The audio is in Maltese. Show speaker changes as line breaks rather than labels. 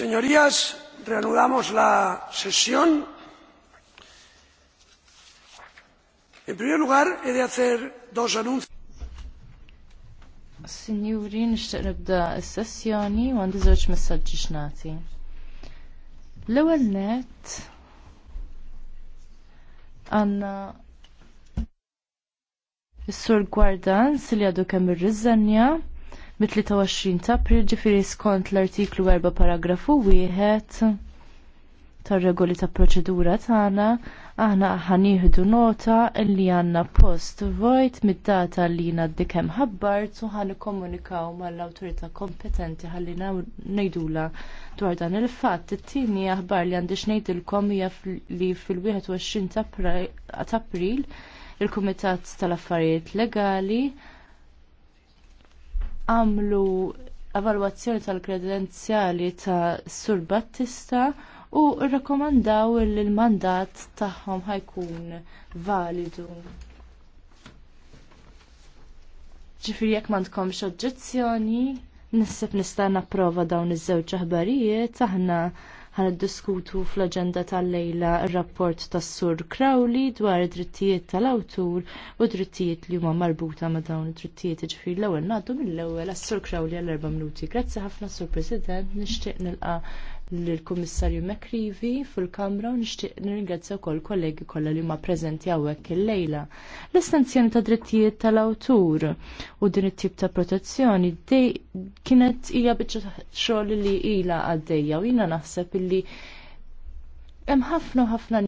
Señorías, reanudamos la sesión. En primer lugar, he de hacer dos anuncios.
Signori, nixtieq nibda s-sessjoni u għandi żewġ messaġġi xnati. L-ewwel net għandna is-Sur Gwardans li għadu kemm irriżenja mit-23 ta' april ġifieri skont l-artiklu 4 paragrafu wieħed tar-regoli ta' proċedura tagħna aħna ħanieħdu nota li għandna post vojt mid-data li jina d-dikem ħabbart u ħan mal-autorita kompetenti ħalli ngħidula dwar dan il fatt It-tieni aħbar li għandix ngħidilkom hija li fil-21 ta' April il-Kumitat tal-Affarijiet Legali għamlu evalwazzjoni tal-kredenzjali ta' Sur Battista u rrakkomandaw li l-mandat tagħhom ħajkun validu. Ġifieri jekk m'għandkomx oġġezzjoni, nissib nista' napprova dawn iż-żewġ aħbarijiet aħna ħan diskutu fl-agenda tal-lejla il-rapport tas sur Crowley dwar id-drittijiet tal-awtur u drittijiet li huma marbuta ma' dawn id-drittijiet ġifir l-ewwel ngħaddu mill-ewwel għas-sur Crowley għall erba' minuti. Grazzi ħafna sur President, nixtieq nilqa' l kummissarju Mekrivi fil-Kamra u nixtieq nirringrazzja wkoll kollegi kollha li ma preżenti hawnhekk illejla. L-estenzjoni ta' drittijiet tal-awtur u din it-tip ta' protezzjoni kienet hija biċċa xogħol li ilha għaddejja u jiena naħseb illi hemm ħafna ħafna